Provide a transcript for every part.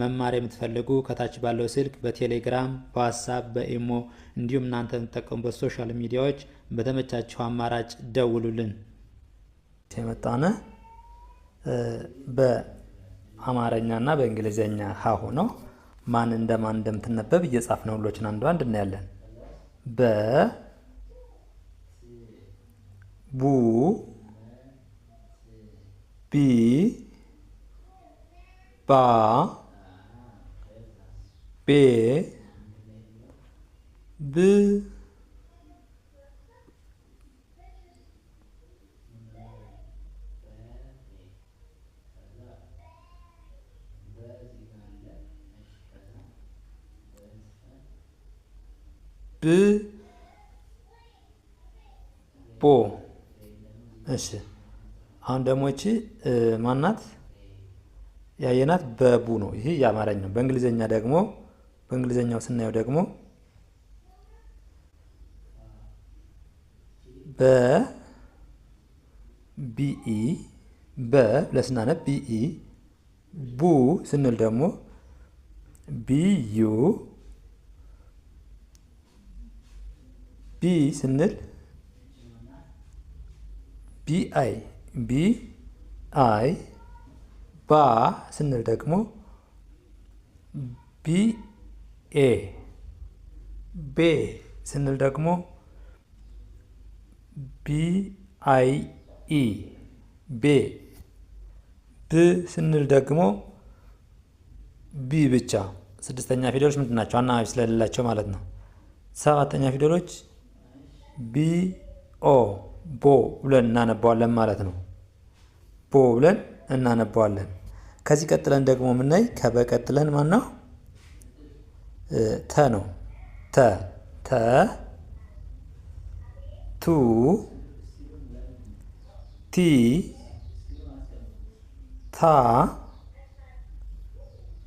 መማር የምትፈልጉ ከታች ባለው ስልክ በቴሌግራም በዋትሳፕ በኢሞ እንዲሁም እናንተ የምትጠቀሙ ሶሻል ሚዲያዎች በተመቻቸው አማራጭ ደውሉልን። የመጣነ በአማረኛና በእንግሊዝኛ ሀ ሆኖ ማን እንደማን እንደምትነበብ እየጻፍ ነው። ሁሎችን አንዱ አንድ እናያለን። በ ቡ ቢ ባ ቤ ብ ብ ቦ እሺ አሁን ደግሞ እቺ ማናት ያየናት በቡ ነው። ይሄ የአማርኛ ነው። በእንግሊዘኛ ደግሞ በእንግሊዝኛው ስናየው ደግሞ በ ቢኢ በ ብለን ስናነብ ቢኢ ቡ ስንል ደግሞ ቢዩ ቢ ስንል ቢአይ ቢ አይ ባ ስንል ደግሞ ቢ ኤ ቤ ስንል ደግሞ ቢ አይ ኢ ቤ ብ ስንል ደግሞ ቢ ብቻ። ስድስተኛ ፊደሎች ምንድን ናቸው? አናባቢ ስለሌላቸው ማለት ነው። ሰባተኛ ፊደሎች ቢ ኦ ቦ ብለን እናነባዋለን ማለት ነው። ቦ ብለን እናነባዋለን። ከዚህ ቀጥለን ደግሞ የምናይ ከበቀጥለን ማን ነው? ተ ነው። ተ ተ ቱ ቲ ታ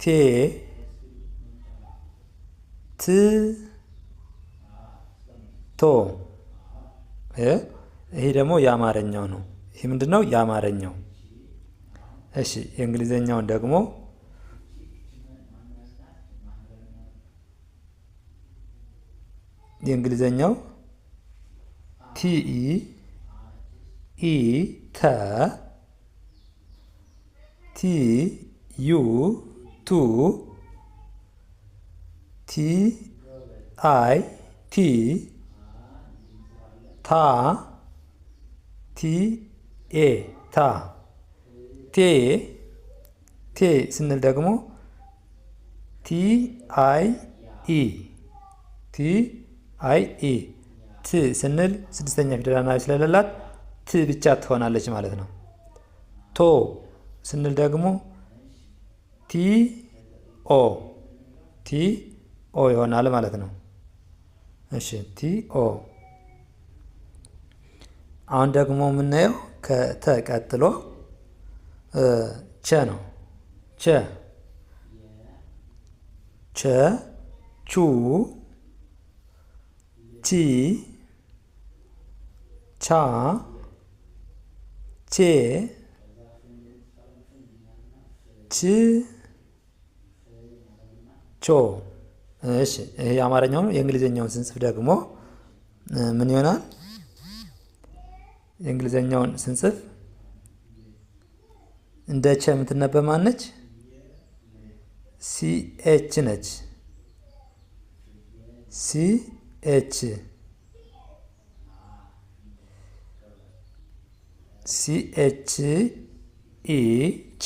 ቴ ት ቶ ይሄ ደግሞ የአማርኛው ነው። ይህ ምንድን ነው? የአማርኛው። እሺ የእንግሊዝኛውን ደግሞ የእንግሊዘኛው ቲኢ ኢ ተ ቲ ዩ ቱ ቲ አይ ቲ ታ ቲ ኤ ታ ቴ ቴ ስንል ደግሞ ቲ አይ ኢ ቲ አይ ኢ ት ስንል ስድስተኛ ፊደል አናባቢ ስለሌላት ት ብቻ ትሆናለች ማለት ነው። ቶ ስንል ደግሞ ቲ ኦ ቲ ኦ ይሆናል ማለት ነው። እሺ ቲ ኦ። አሁን ደግሞ የምናየው ከተቀጥሎ ቸ ነው። ቸ ቸ ቹ ቺ ቻ ቼ ች ቾ። እሺ ይሄ አማርኛው ነው። የእንግሊዝኛውን ስንጽፍ ደግሞ ምን ይሆናል? የእንግሊዝኛውን ስንጽፍ እንደ ቸ የምትነበብ ማን ነች? ሲኤች ነች። ሲ ኤች ሲኤች ኢ ቸ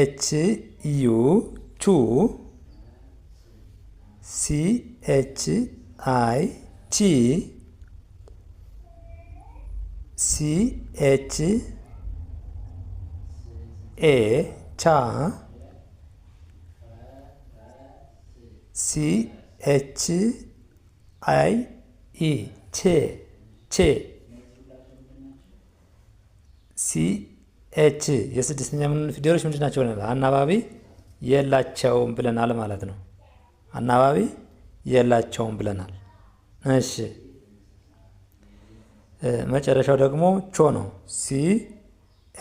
ኤች ዩ ቹ ሲ ኤች አይ ቺ ሲ ኤች ኤ ቻ ሲ ኤች አይ ኢ ቼ ቼ ሲ ኤች የስድስተኛ ምንሆኑ ፊደሎች ምንድን ናቸው? አናባቢ የላቸውም ብለናል ማለት ነው። አናባቢ የላቸውም ብለናል። እሺ መጨረሻው ደግሞ ቾ ነው። ሲ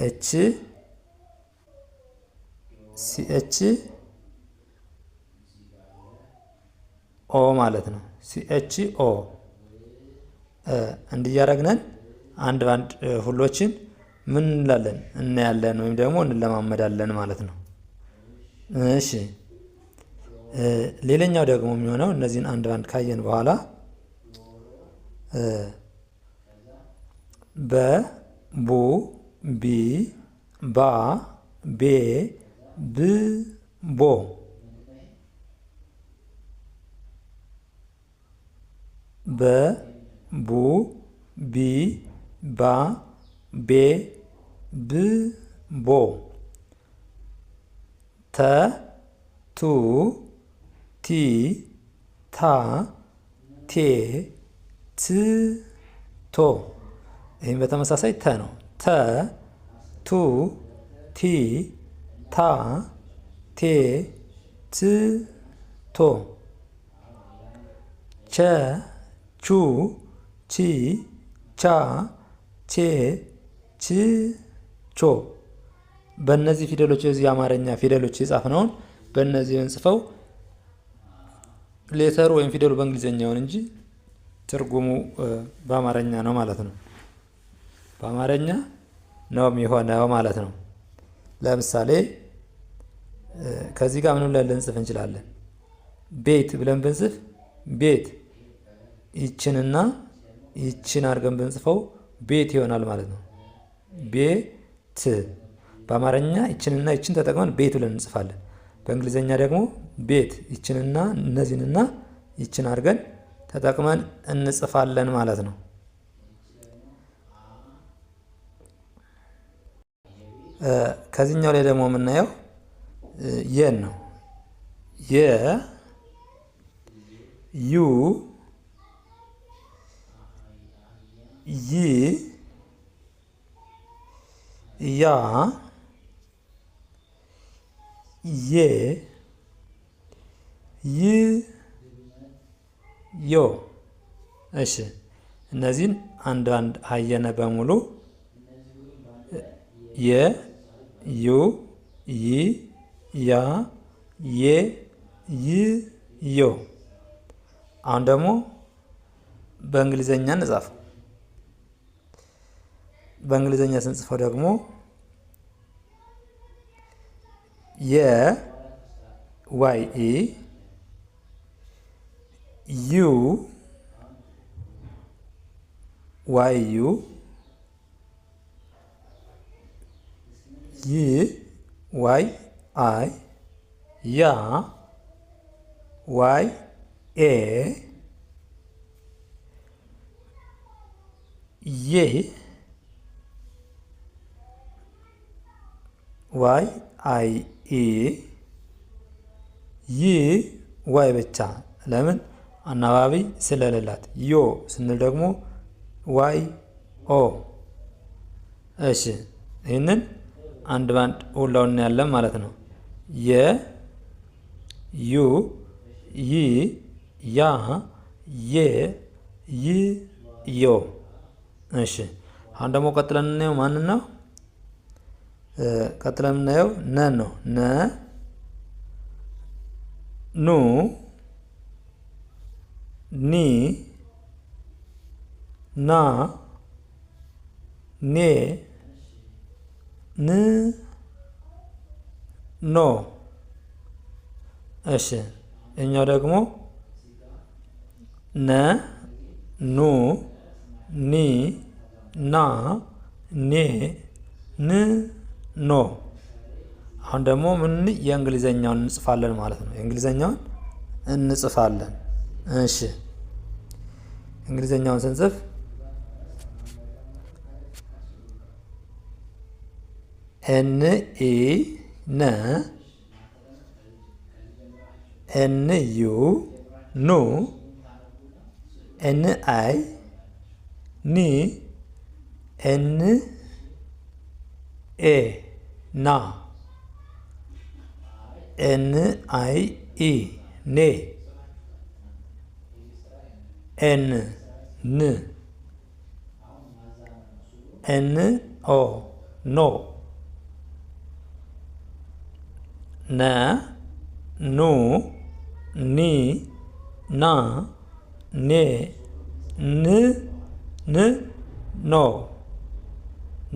ኤች ሲ ኤች ኦ ማለት ነው። ሲኤች ኦ እንዲያረግነን አንድ ባንድ ሁሎችን ምን እንላለን እናያለን ወይም ደግሞ እንለማመዳለን ማለት ነው። እሺ ሌላኛው ደግሞ የሚሆነው እነዚህን አንድ ባንድ ካየን በኋላ በ ቡ ቢ ባ ቤ ብ ቦ በ ቡ ቢ ባ ቤ ብ ቦ ተ ቱ ቲ ታ ቴ ት ቶ ይህም በተመሳሳይ ተ ነው። ተ ቱ ቲ ታ ቴ ት ቶ ቸ ቹ ቺ ቻ ቼ ች ቾ በእነዚህ ፊደሎች የዚህ የአማርኛ ፊደሎች የጻፍነውን በእነዚህ እንጽፈው ሌተሩ ወይም ፊደሉ በእንግሊዝኛውን እንጂ ትርጉሙ በአማርኛ ነው ማለት ነው። በአማርኛ ነው የሚሆነው ማለት ነው። ለምሳሌ ከዚህ ጋር ምን ብለን ልንጽፍ እንችላለን? ቤት ብለን ብንጽፍ ቤት ይችንና ይችን አድርገን ብንጽፈው ቤት ይሆናል ማለት ነው። ቤት በአማርኛ ይችንና ይችን ተጠቅመን ቤት ብለን እንጽፋለን። በእንግሊዝኛ ደግሞ ቤት ይችንና እነዚህንና ይችን አድርገን ተጠቅመን እንጽፋለን ማለት ነው። ከዚህኛው ላይ ደግሞ የምናየው የን ነው። የ ዩ ይ ያ ዬ ይ ዮ። እሺ እነዚህን አንድ አየነ በሙሉ የ ዩ ይ ያ ዬ ይ ዮ። አሁን ደግሞ በእንግሊዘኛ እንጻፍ። በእንግሊዝኛ ስንጽፈው ደግሞ የ ዋይ ኤ ዩ ዋይ ዩ ይ ዋይ አይ ያ ዋይ ኤ ዬ ዋይ አይ ኢ ይ ዋይ ብቻ ለምን አናባቢ ስለሌላት። ዮ ስንል ደግሞ ዋይ ኦ። እሺ ይህንን አንድ ባንድ ሁላውን እናያለን ማለት ነው። የ ዩ ይ ያ የ ይ ዮ። እሺ አሁን ደግሞ ቀጥለን እናየው ማንን ነው? ቀጥለን የምናየው ነን ነው። ነ ኑ ኒ ና ኔ ን ኖ። እሺ እኛው ደግሞ ነ ኑ ኒ ና ኔ ን ኖ አሁን ደግሞ ምን የእንግሊዘኛውን እንጽፋለን ማለት ነው። የእንግሊዘኛውን እንጽፋለን። እሺ እንግሊዘኛውን ስንጽፍ ኤን ኤ ነ ኤን ዩ ኑ ኤን አይ ኒ ኤን ኤ ና ኤን አይ ኢ ኔ ኤን ን ኤን ኦ ኖ ነ ኑ ኒ ና ኔ ን ን ኖ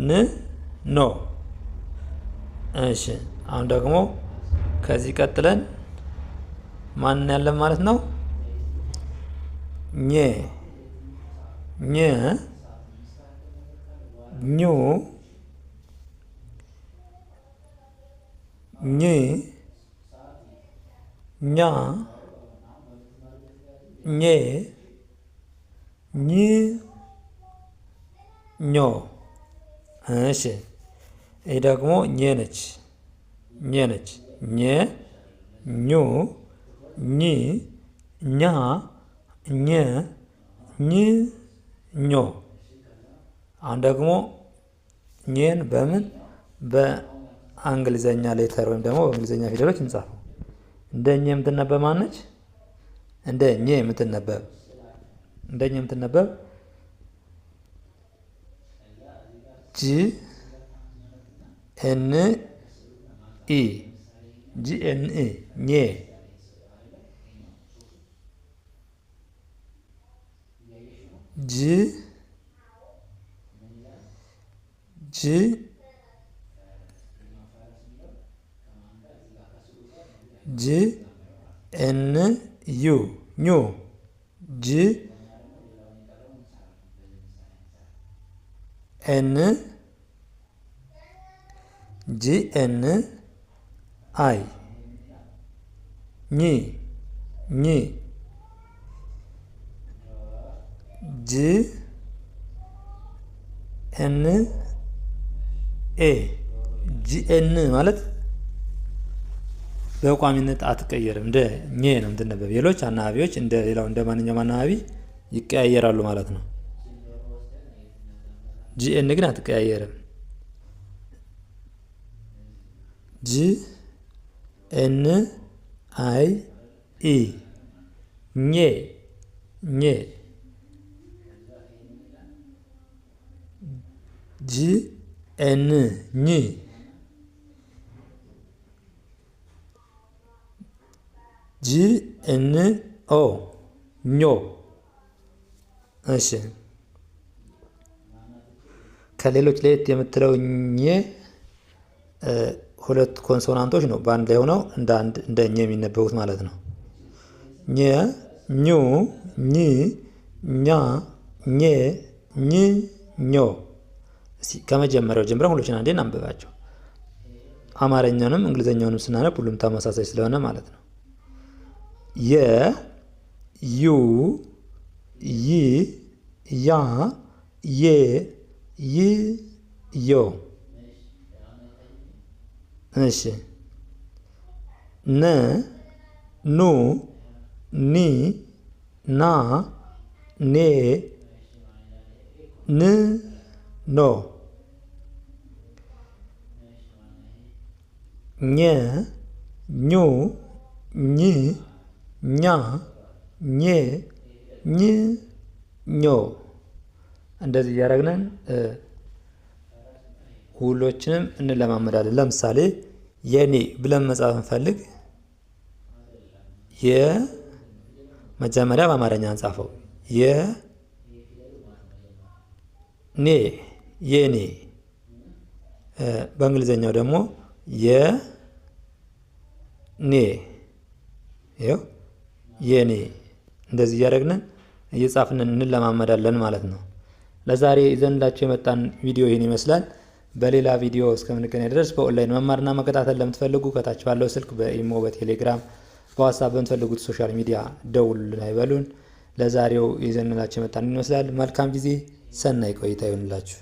ን ኖ እሺ አሁን ደግሞ ከዚህ ቀጥለን ማን ያለን ማለት ነው? ኘ ኘ ኙ ኝ ኛ ኘ ኝ ኞ እሺ ይህ ደግሞ ኘ ነች ኘ ነች ኘ ኙ ኚ ኛ ኘ ኝ ኞ አሁን ደግሞ ኘን በምን በእንግሊዘኛ ሌተር ወይም ደግሞ በእንግሊዘኛ ፊደሎች እንጻፈው። እንደ ኘ የምትነበብ ማነች? እንደ ኘ የምትነበብ እንደ ኘ የምትነበብ ጅ N E G N E nie G G G N U new G N ጂኤን አይ ኝ ኝ ጅ ኤን ኤ ጂኤን ማለት በቋሚነት አትቀየርም። እንደ ኘ ነው የምትነበብ። ሌሎች አናባቢዎች እንደ ሌላው እንደ ማንኛውም አናባቢ ይቀያየራሉ ማለት ነው። ጂኤን ግን አትቀያየርም። ጂ ኤን አይ ኢ ኜ ኜ ጂ ኤን ኝ ጂ ኤን ኦ ኞ። እሺ ከሌሎች ለየት የምትለው ኜ ሁለት ኮንሶናንቶች ነው በአንድ ላይ ሆነው እንደ አንድ እንደ ኘ የሚነበቡት ማለት ነው። ኘ፣ ኙ፣ ኝ፣ ኛ፣ ኘ፣ ኝ፣ ኞ። ከመጀመሪያው ጀምረን ሁሎችን አንዴ እናንብባቸው። አማርኛውንም እንግሊዝኛውንም ስናነብ ሁሉም ተመሳሳይ ስለሆነ ማለት ነው። የ፣ ዩ፣ ይ፣ ያ፣ የ፣ ይ፣ ዮ እሺ ነ ኑ ኒ ና ኔ ን ኖ ኘ ኙ ኝ ኛ ኘ ኝ ኞ እንደዚህ እያደረግነን ውሎችንም እንለማመዳለን። ለምሳሌ የኔ ብለን መጻፍ እንፈልግ የመጀመሪያ በአማርኛ አንጻፈው የኔ የኔ በእንግሊዘኛው ደግሞ የኔ ይኸው የኔ እንደዚህ እያደረግን እየጻፍን እንለማመዳለን ማለት ነው። ለዛሬ ይዘንላቸው የመጣን ቪዲዮ ይህን ይመስላል። በሌላ ቪዲዮ እስከምንገናኝ ድረስ በኦንላይን መማርና መከታተል ለምትፈልጉ ከታች ባለው ስልክ በኢሞ፣ በቴሌግራም፣ በዋትሳፕ በምትፈልጉት ሶሻል ሚዲያ ደውሉልን አይበሉን። ለዛሬው ይዘንላቸው የመጣን ይመስላል። መልካም ጊዜ፣ ሰናይ ቆይታ ይሆንላችሁ።